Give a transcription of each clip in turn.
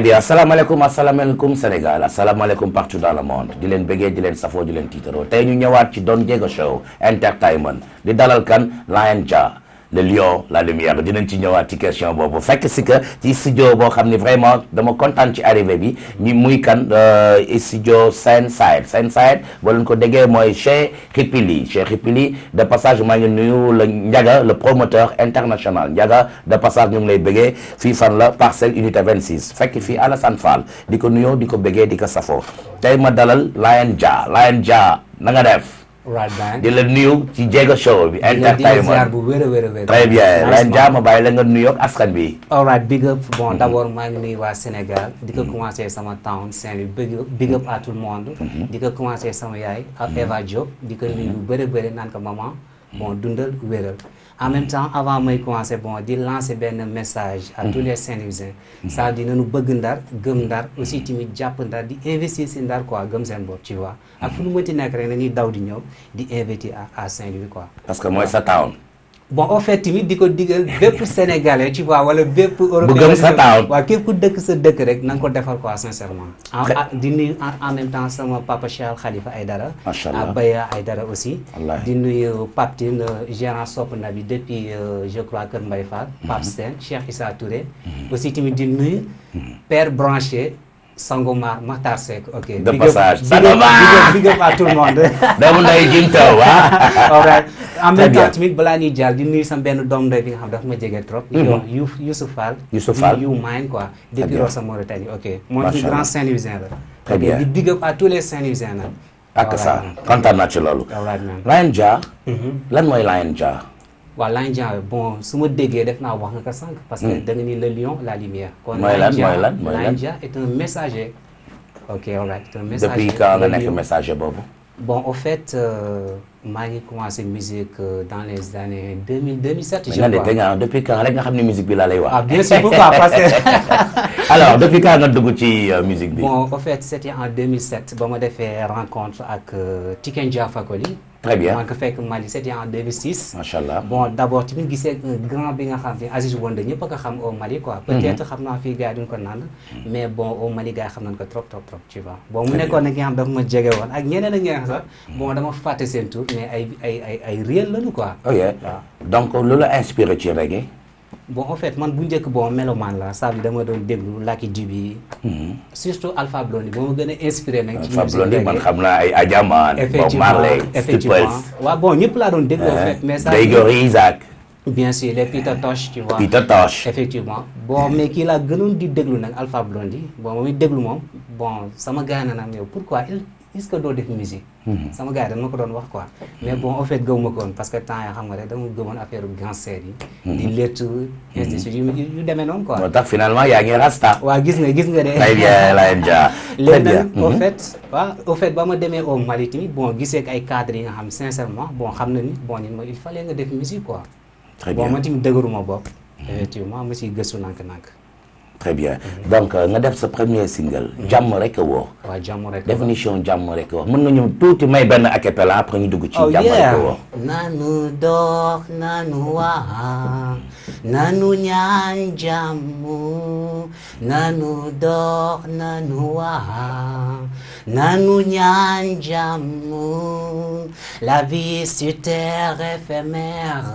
très eh bien asalaamaaleykum asalaamaaleykum Sénégal asalaamaaleykum partout dans le monde di leen bëggee di leen safoo di leen tiitaroo tey ñu ñëwaat ci Don Diego Show entertainment di dalal kan Lion Jah la lumière dinañ ci ñëwaat ci question boobu fekk si que ci studio boo xam ne vraiment dama kontaan ci arrivé bi ñi muy kan euh, studio Senside Senside boo leen ko déggee mooy Cheikh Khipili che Khipili de passage maa ngi nuyu la Ndiaga le promoteur international Ndiaga de passage ñu ngi lay bëggee fii fan la parcelle unité 26 fekk fii Alassane Fall di ko nuyoo di ko bëggee di ko safoo tey ma dalal Lion Dia Lion Dia na di la nuyu ci Diego Show bi. entertainment bu wér a wér a wér. très bien Ren la nga nuyoog askan bi. all right big up bon mhm. d' abord maa ngi nuyu waa Sénégal. di ko mhm. commencé sama town Saint-Louis big up big up à monde. Mhm. di ko commencé sama yaay. ak Eva Diop di ko nuyu bu bëri bëri naan ko maman. bon dundal wéral en mm. même avant may commencer di lancer benn message à mm. tous les Saint-Louisiens ça mm. di nañu bëgg ndar gëm ndar aussi tamit jàpp ndar di investir si ndar a gëm seen bopp tu vois ak fu nu mënti nekk rek nañuy daw di ñëw di investir à Saint-Louis quoi parce que mooy sa town bon au fait tamit di ko digal bépp sénégalais tu vois wala bépp européen bu gëm sa taaw képp ku dëkk sa dëkk rek na nga ko defal quoi sincèrement en di nuyu en même temps sama papa Cheikh Khalifa Aydara a ah, Baya dara aussi di nuyu Pape Tine gérant Sopp Nabi depuis euh, je crois Kër Mbaye Fall Pape mhm. Sène Cheikh Issa Touré mhm. aussi tamit di nuyu mhm. père branché Sangomar Matar Seck. ok de passage. Sangomar big up à tout le monde. doomu nday Jimtaw ah. all right en même temps tamit balaa ñuy jàll di nuyu sama benn doom ndoy bi nga xam dafa ma jege trop. Mhm. yow Youssouf Fall. Youssouf Fall you mine quoi. depuis Rosso Mauritanie ok. moom ci grand Saint-Louisien la. très bien di big up à tous les Saint-Louisiens nag. ak ça kontaan naa ci loolu. Lion Jah. Mhm. lan mooy Lion Jah. waaw Landian bon su ma déggee def naa wax nga ko sànq. parce que hmm. da nga ni le lion la lumière. kon Landian Landian est un messager. ok all right est un messager depuis quand nga nekk messager boobu. bon au fait euh, maa ngi commencé musique euh, dans les années deux mille deux mille sept. je crois ah, depuis quand rek nga xam ne musique bi laa lay wax. ah bien sûr pourquoi parce que. alors depuis quand nga dugg ci euh, musique bi. bon au fait c' était en deux mille sept ba ma defee rencontre ak Tiken Jah Fakoly. très bien maa ngi ko fekk Mali c'était en 2006. macha allah bon grand bi nga xam ne Aziz Wonde ñëpp a ko xam au Mali quoi. Mhm. peut être xam naa fii gars yi ko naan. Mhm. mais bon au Mali gars yi xam nañ ko trop trop trop tu vois. bon mu nekkoon nag xam dafa ma jege woon ak ñeneen ak ñeneen sax. Mhm. bon dama fàtte seen tur mais ay ay ay ay réel oh donc loolu la inspiré ci bon en man bu njëkk bon mélomane la ça dama doon déglu Lucky Dube bi. Mhm. surtout Alpha Blondy ba ma gën a inspiré nag. ci Alpha ma man xam naa ay Adja Man. Bob Marley effectivement waaw bon ñëpp laa doon déglu en eh, fait. mais ça Gregory Isaac. bien sûr les Peter Tosh effectivement bon mais kii laa gënoon di déglu nag Alpha Blondy bon muy déglu moom bon sama gars na nag yow pourquoi il. est-ce que doo def musique. Mhm. sama gars yi dañ ko doon wax quoi. mais bon au fait gëwuma parce que temps yoo xam nga rek dama gëmoon affaire gangster yi. Mhm. di létt institut mhm. yu yu demee noonu quoi. tax finalement yaa ngi rasta. waaw gis nga gis nga de. très bien Layen Dia. très bien léegi nag ba ma demee au Mali tamit boo gisee ay cadres yi nga xam sincèrement boo xam na ni boo nit ma il fallait nga def musique quoi. très bien bon ma tamit dëgëruma bopp. ma siy gëstu nànk-nànk. très bien donc euh, nga def sa premier single. jàmm rek a wóor. jàmm rek définition jàmm rek a mën nañu tuuti may benn acapella après ñu dugg ci. Oh, jàmm rek a wóor nanu dox nanu waa nanu ñaan ñaan jàmm la vie sur terre éphémère.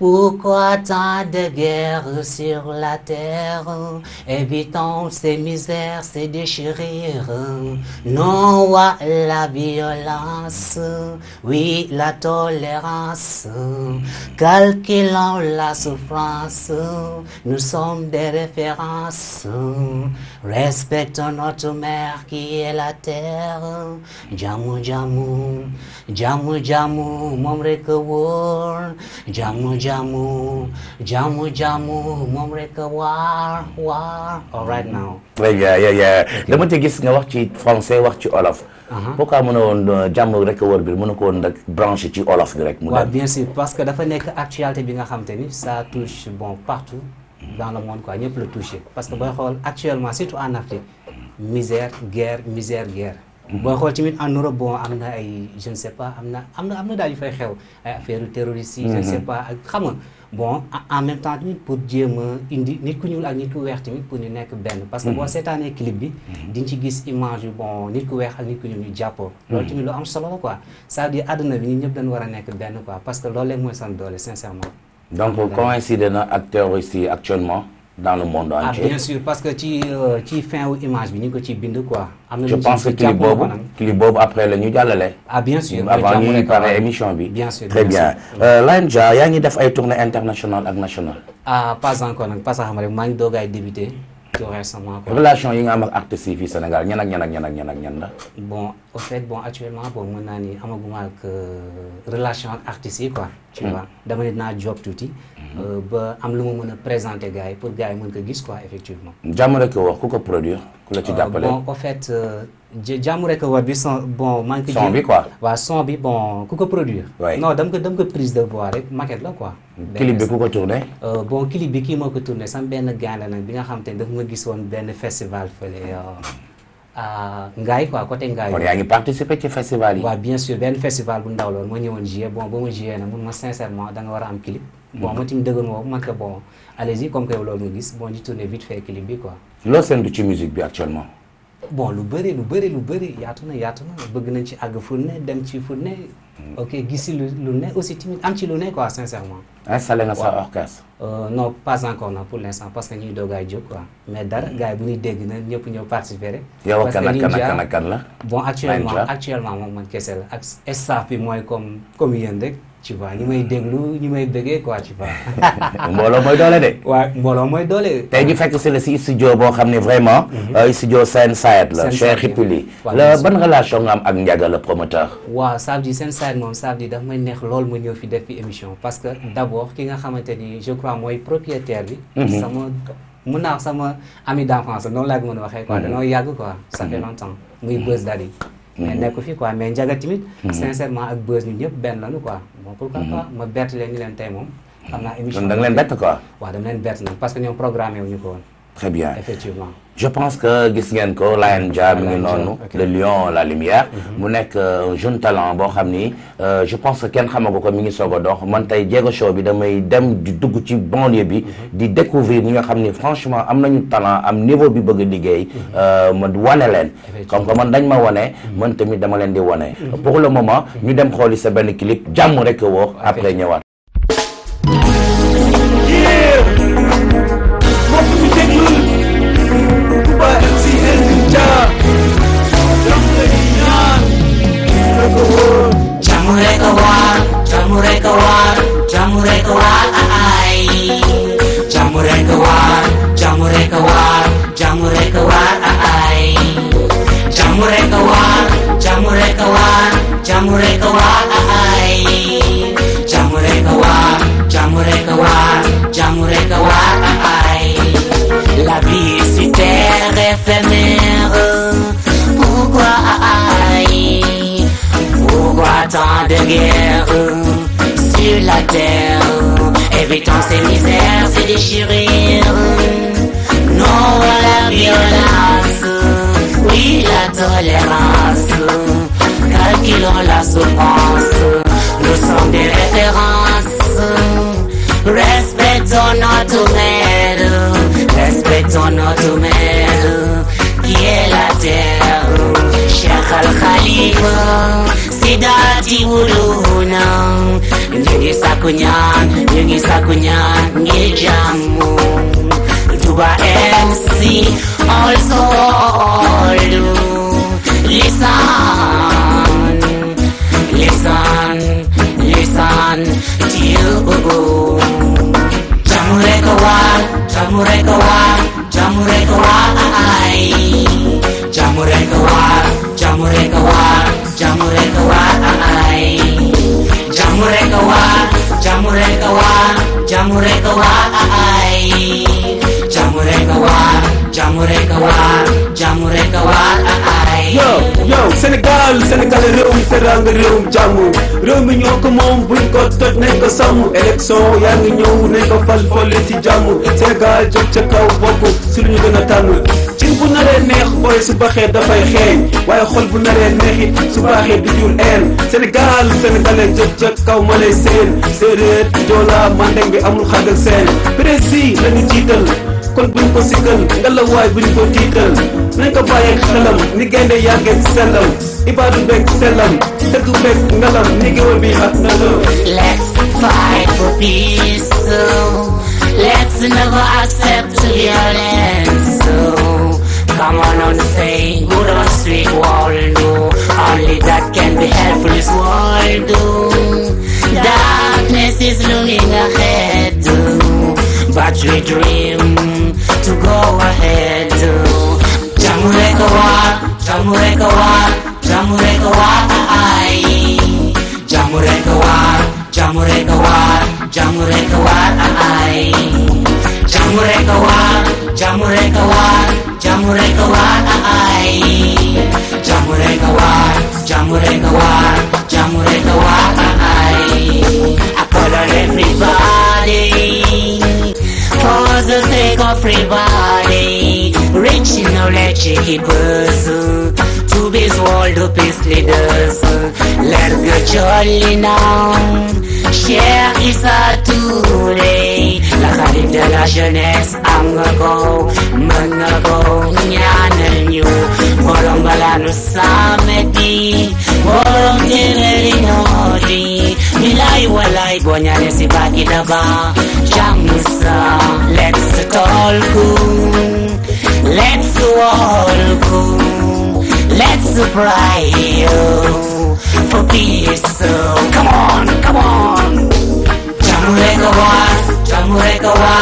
Pourquoi tant de guerres sur la terre Évitons ces misères, ces déchirures. Non à la violence, oui la tolérance. Calculons la souffrance, nous sommes des références. Respectons notre mère qui est la terre jaamu jaamu jaamu jaamu moom rek a wóor jaamu jaamu jaamu jaamu moom rek a waar waar. all right now. dama te gis nga wax ci français wax ci olof. Uh-huh. pourquoi mu na woon euh, jàmm rek a wóor bi mën na ko woon rek branché ci olof bi rek. mu dem parce que dafa nekk actualité bi nga xam te ni ça touche bon partout. dans le monde quoi ñëpp la touché parce que booy xool actuellement surtout en Afrique misère guerre misère guerre. booy xool tamit en Europe bon am na ay je ne sais pas am na am na am na daal yu fay xew ay affaire terroriste yi. je ne sais mhm. pas ak xam nga bon en même temps tamit pour jéem a indi nit ku ñuul ak nit ku weex tamit pour ñu nekk benn. parce que boo mhm. seetaanee clip bi. Mhm. di nga ci gis image yu bon nit ku weex ak nit ku ñuul ñu jàppoo. loolu tamit lu am solo la quoi c'est-à-dire àdduna bi ñun donc mm-hmm. coïncide na ak terroristes actuellement dans le monde ah, entier. ah bien sûr parce que ci euh, ci fin wu image bi ñu ngi ko ci bind quoi. am na je pense que clip boobu clip boobu après la ñu jàllale. ah bien sûr avant ñuy pare émission bi. bien sûr très bien. Mm-hmm. Euh, Layne Dia yaa ngi def ay tournées internationales ak nationales. ah pas encore nag parce que xam rek maa ngi doog ay débuté. récemment. relation yi nga am ak artistes yi fii Sénégal ñan ak ñan ak ñan ak ñan ak ñan la. bon au fait bon actuellement bon mën naa ni amaguma ak euh, relation ak artistes yi quoi. tu hmm. dama ne naa job tuuti. Hmm. Euh, ba am lu mu mun a présenter gars yi pour gars yi mën ko gis quoi effectivement. jàmm ku ko produire. ku la ci euh, jàppale jàmm rek war bi son bon maa ngi bi quoi waaw son bi bon ku ko produire non dama ko dama ko prise de voix rek maquette la quoi mm. clip bi ku ko tourné euh, bon clip bi kii moo ko tourné sama benn gaane nag bi nga xam te ne dafa ma gis woon benn festival fële euh, Ngaay quoi côté Ngaay. kon yaa ngi participer ci festival yi. waaw bien sûr benn festival bu ndaw loon ma ñëwoon jouer bon mun ma sincèrement da war a am clip. bon mm. ma tim dëgër moom man que bon allez-y comme que loolu nga gis bon di tourné vite fait clip bi quoi. loo séntu ci musique bi actuellement. bon lu bëri lu bëri lu bëri yaatu na bëgg nañ ci àgg fu ne dem ci fu ne. Mm. ok gisi lu lu ne aussi tamit am ci lu ne quoi sincèrement. installé na sa orchestre. Euh, non pas encore non pour l' instant parce que ñuy doog a jóg mais dara mm. gars yi bu ñuy dégg na ñëpp ñëw participer rek. yow kan ak kan ak kan la. bon actuellement actuellement moom man kese la ak staff bi mooy comme comme yéen rek. tu vois ñi may déglu ñi may bëggee quoi mbooloo mooy doole de. waaw mbooloo mooy doole. tey ñu fekk si la si studio boo xam ne vraiment. studio Sen Saet la. Sen Saet la ban relation nga am ak Ndiaga le promoteur. waa samedi Sen Saet moom samedi daf may neex lool ma ñëw fi def fi émission parce que mm-hmm. d' abord ki nga xamante ni je crois mooy propriétaire bi. Mm-hmm. sama mun naa sama ami d' enfance noonu laa ko mën a waxee quoi. Mm-hmm. dañoo yàgg quoi ça fait longtemps muy mais mhm. nekk fii quoi mais njaga tamit mhm. sincèrement ak buzz ñu ñëpp benn lañu quoi bon pourquoi mhm. pas ma bert leen ñu leen tey moom xam naa émission da nga leen bett quoi waaw dama leen bett nag parce que ñoom programmé wuñu ko très bien effectivement je pense que gis ngeen ko Lion Dia mi ngi noonu le lion la lumière mhm. mu nekk euh, jeune talent boo xam ni euh, je pense que kenn xamagu ko ko mi ngi soog a dox man tey Diego Show bi damay dem di dugg ci banlieue bi mhm. di découvrir ñi nga xam ni franchement am nañu talent am niveau bi bëgg liggéey mhm. euh, ma wane leen comme que man dañ ma wane man tamit dama leen di wane pour le moment ñu dem xooli sa benn clip jàmm rek woo après ñëwaat de guerre sur la terre, évitant ces misères, ces déchirures. Non à la violence, oui la tolérance, calculons la souffrance, nous sommes des références, respectons notre mère, respectons notre mère qui est la terre. xalxalima si daati wuluna ñu ngi sàkku ñaan ñu ngi sàkku ñaan ngir jàmm Touba MC all soldu listen listen listen to you jàmm rek a war jàmm rek a war jàmm war ay jàmm war jàmm rek a waar jàmm rek a waar am ay jàmm rek a waar jàmm rek a waar jàmm rek a waar am ay jàmm rek a waar jàmm rek a waar jàmm rek a waar am ay yow yow Sénégal Sénégal réew mi teraanga réew mi jàmm réew mi ñoo ko moom buñ ko toj nañ ko sàmm élection yaa ngi ñëw nañ ko fal fol ci jàmm Sénégal jóg ca kaw bokk si lu ñu gën a tànn bu naree neex booy su baxee dafay xeeñ waaye xol bu naree neexit su baaxee di jur een Sénégal sénégalais jëf ca kaw ma lay seen séeréer joolaa mandeng bi amul xàgg ak seen précis la ñu jiital kon buñ ko sikkal ngelawaay buñ ko tiital nañ ko bàyyi xelam ni gaynde yàggee sellam ibaadu beeg sellam dëgg beeg ngalam ni géwél bi ak ngalam let's fight for peace so let's never accept violence so Come on and say, good or sweet Waldo Only that can be helpful is Waldo Darkness is looming ahead But we dream to go ahead Jamureka wa, Jamureka wa, Jamureka wa ai Jamureka wa, Jamureka wa, Jamureka wa ai Jamureka wa, Jamure kawan, jamure kawan, ay. Jamure kawan, jamure kawan, jamure kawan, ay. Apollo everybody, for the sake of everybody. Rich knowledge keepers, to be world peace leaders. Let go jolly now. Cheikh Issa Touré la xalif de la jeunesse am nga ko mën nga ko ñaanal ñu borom balaanu samedi borom téeméeri noori bilaay walaay boo ñaanee si baagi daba jàmm sa let's talk let's walk let's pray for peace so come on come on Jamureka wa Jamureka wa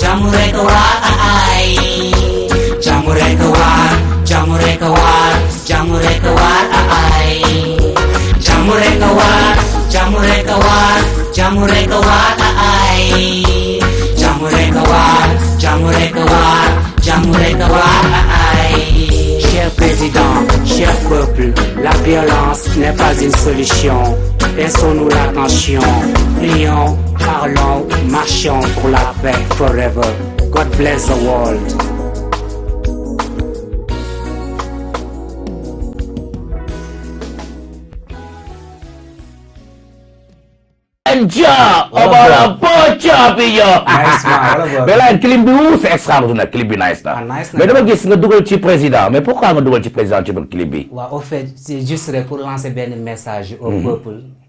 Jamureka wa ai Jamureka wa Jamureka wa Jamureka wa ai Jamureka wa Jamureka wa Jamureka wa ai Jamureka wa Jamureka wa Jamureka wa ai Cher président, cher peuple, la violence n'est pas une solution. Laissons-nous l'attention. Prions, parlons, marchons pour la paix forever. God bless the world. bonne job about a bon job yow mais laay clip bi wuu c'est extraordinaire clip bi nice ah, gis nga dugal ci président mais pourquoi nga dugal ci président ci biir clip bi juste rek pour lancer benn message au mhm.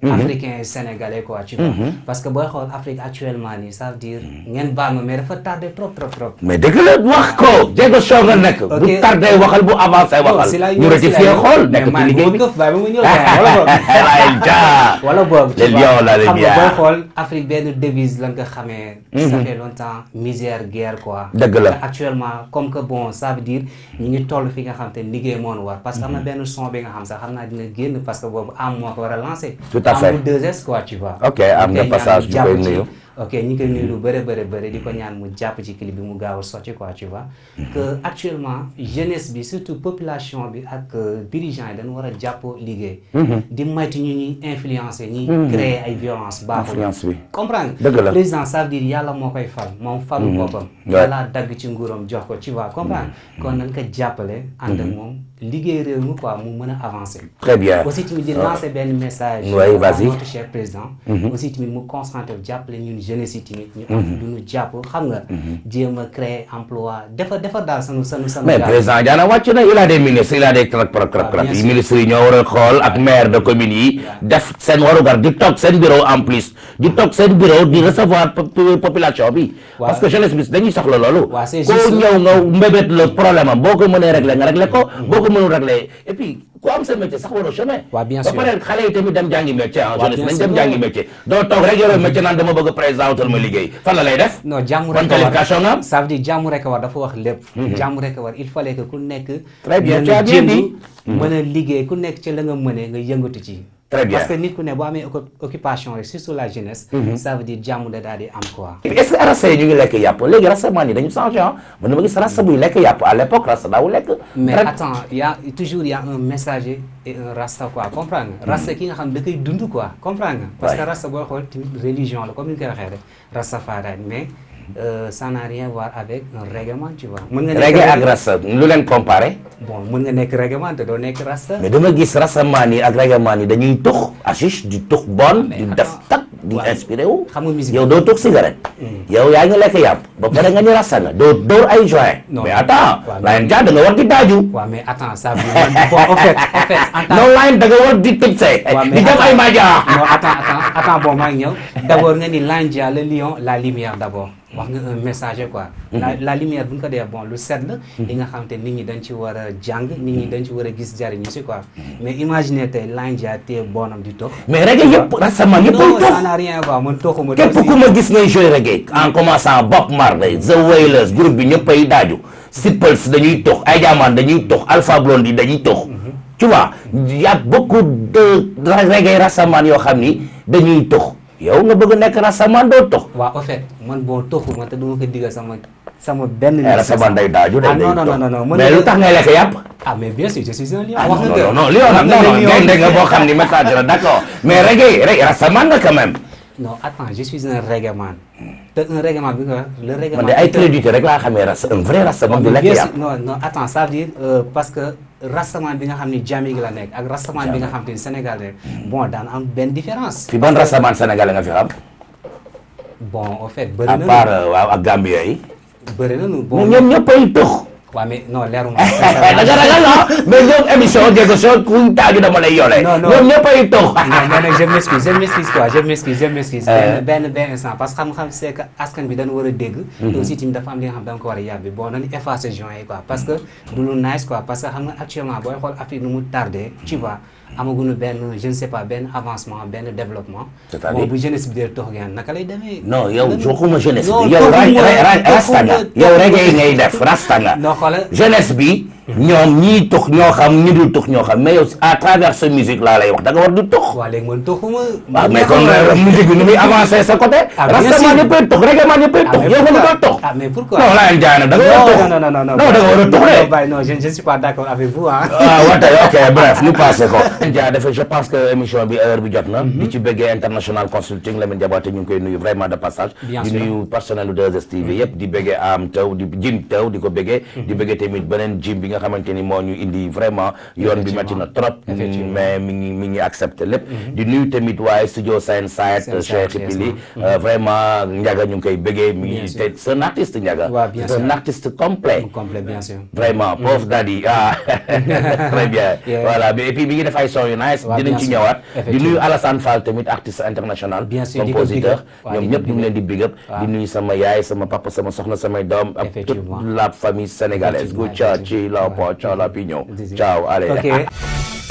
Mhm. africain et sénégalais quoi tu vois. Mhm. parce que booy xool Afrique actuellement nii ça veut dire mhm. ngeen baal ma mais dafa tardé trop trop trop. mais dëgg la wax ko jéego ah. soo nga nekk. bu tardé waxal bu avancé waxal. ñu rectifié xool nekk ci liggéey bi mais mu ñëw wala boobu tu vois xam nga booy xool Afrique benn devise la nga xamee. ça fait longtemps misère guerre quoi. dëgg la actuellement comme que bon ça veut dire ñu ngi toll fi nga xam te liggéey moo war parce que am na benn son bi nga xam sax xam naa dina génn parce que boobu am moo ko war a lancé. passé amul 2S quoi tu vois. ok am na passage bu koy lu bëre bëre bëri di ko ñaan mu jàpp ci clip bi mu gaaw a sotti quoi tu vois. Mhm. que actuellement jeunesse bi surtout population bi ak euh, dirigeants yi dañu war a jàpp liggéey. Mhm. di moytu ñu ñuy influencer ñi mhm. créer ay violence baaxul influence bi comprendre nga président ça veut dire yàlla moo koy fal moom falu boppam. voilà dagg ci nguuram jox ko tu vois comprendre kon nañ ko jàppale. ànd moom. liggéey réew mi quoi mu mën a avancer. très bien aussi tamit di ah. lancer benn mhm. mu concentré jàppale ñun jeunesse yi tamit. ñu am mhm. lu ñu mhm. a créer emploi defar defar daal a ah, war a xool ak maire de commune def seen warugar di toog seen bureau en plus. di toog seen bureau di recevoir population bi. parce que jeunesse bi dañuy soxla loolu. waaw ñëw nga mbébét le problème boo ko mënee régler nga régler ko. mënul régler et puis ku am sa métier sax waroo chômer. waaw bien sûr ba pare xale yi tamit dem jàngi métier en jeunesse nañ dem jàngi métier. doo toog rek yore métier naan dama bëgg a président ma liggéey fan la lay def. non jàmm rek a war qualification nga rek a dafa wax lépp. Mhm. jàmm rek a war il fallait que ku nekk. très bien mhm. liggéey ku nekk ci la nga mënee nga yëngatu ci. très bien parce que nit ku ne boo amee occupation rek surtout la jeunesse. Mhm. ça veut dire jàmm da daal di am quoi. est-ce que rasta yi ñu lekk yàpp léegi rasta man yi dañu changé ah gis rasta buy lekk yàpp à l'époque rasta daawu lekk. mais attends y a toujours y a un messager et un rasta quoi comprendre nga. Mhm. ki nga xam da koy dund quoi comprendre parce que rasta boo xool religion la comme ni ñu koy waxee mais. Euh, ça n'a rien à voir avec un règlement tu vois. mën nga nekk reggae ak rasta lu leen comparé. bon mën nga gis rastaman yi ak règlement yi dañuy tux hashish di tux bon di def di inspiré yow doo tux cigarette. Hmm. yow yaa ngi lekk yàpp. ba pare nga ni rasta nga doo ay joint. non mais attends. waaw Lion Jah da nga war di daaju. waaw mais attends ça veut dire man bon en fait en fait. non Lion da nga war di tëb say. waaw mais di def ay maja. attends boobu maa nga ni l'andia le lion la lumière d' abord wax nga un messager quoi mhm. la la lumière bu ñu ko dee bon lu set la mhm. li nga xam te nit ñi dañ ci war a jàng nit ñi mhm. ci war a gis jariñu si quoi mais imaginez tey l'andia téye bonam di tox ma reggae en commençant Bob Marley The Wailers groupe bi ñëpp ay daaju Siples dañuy tox ay jaamaan dañuy tox Alpha Blondy dañuy tox tu vois y a beaucoup de reggae rasamaan yoo xam ni dañuy tox yow nga bëgg a nekk rastaman doo tox. waaw en fait boo toxul man te du ma ko digal sama sama benn. Eh, rastaman day daaju ah, day non non non mais lu tax ngay lekk yàpp. ah mais bien sûr je suis un lion. Ah, wax nga non non lion nag non nga boo xam ni message la d' accord mais nga quand même. non attends je suis man. te un reggae man bi nga le reggae man. ay crédit rek laa xamee rasta un oh, lekk yàpp. non non attends euh, parce que. rassemblement bi nga xam ni Jami gi la nekk ak rassemblement bi nga xam te ni Sénégal rek bon daan am benn différence. fi ban rassemblement Sénégal nga fi xam. bon en fait bëri na euh, waaw ak Gambie yi. bëri na nu bon ñoom ñëppay tux. waa mais non leeruma. da nga ragal ah mais ñoom émission Diego Show kuntaa gi dama lay yore. non non ñoom ñëppay toog. non non mais je m'excuse je instant eh. parce que xam-xam que askan bi dañu war a dégg. te mhm. aussi da nga ko war a yàbbi bon nañu effacer juin yi quoi parce mhm. du lu nice quoi parce que actuellement booy xool Afrique nu mu tardé tu mhm. amaguñu benn je ne sais pas benn avancement benn développement. c'est-à-dire bu jeunesse bi dee toog ngeen naka lay demee. non yow joxuma jeunesse bi. yow rasta nga yow reggae ngay def rasta nga. jeunesse bi. ñoom ñii tux ñoo xam ñi dul tux ñoo xam mais yow à travers sa musique laa lay wax da nga war du tux. waaw léegi man tuxuma. waaw mais comme euh, musique bi ni muy avancé sa côté. ah bien sûr parce que maa ñëppay tux rek maa ñëppay tux. yow nga doon tux. ah mais pourquoi non laay jaana da nga war a tux. non non non non da nga war a tux de. Eh. non non je ne suis pas d' accord avec vous ah. ah wante ok bref ñu passé ko. Dia dafa je pense que émission bi heure bi jot na. Mhm. di ci bëggee international consulting Lamine Diabaté ñu ngi koy nuyu vraiment de passage. bien sûr di nuyu personnel de 2STV mhm. yëpp di bëggee am taw di jim taw di ko bëggee. Mhm. di bëggee tamit beneen jim bi nga xamante ni moo ñu indi vraiment yoon bi métti na trop mais mi ngi mi ngi accepté lépp mhm. di nuyu tamit waaye studio Sen Side Cheikh Pili euh, vraiment Ndiaga ñu ngi koy bëggee mi ngi te c'est un artiste Ndiaga c'est complet vraiment mhm. Prof Daddy ah très bien voilà et puis mi ngi def ay son yu nice dinañ ci ñëwaat di nuyu Alassane Fall tamit artiste international compositeur ñoom ñëpp ñu ngi leen di big up di nuyu sama yaay sama papa sama soxna samay doom ak toute la famille sénégalaise Gouthia Chao, po, chao, la piño. Chao, ale. Okay.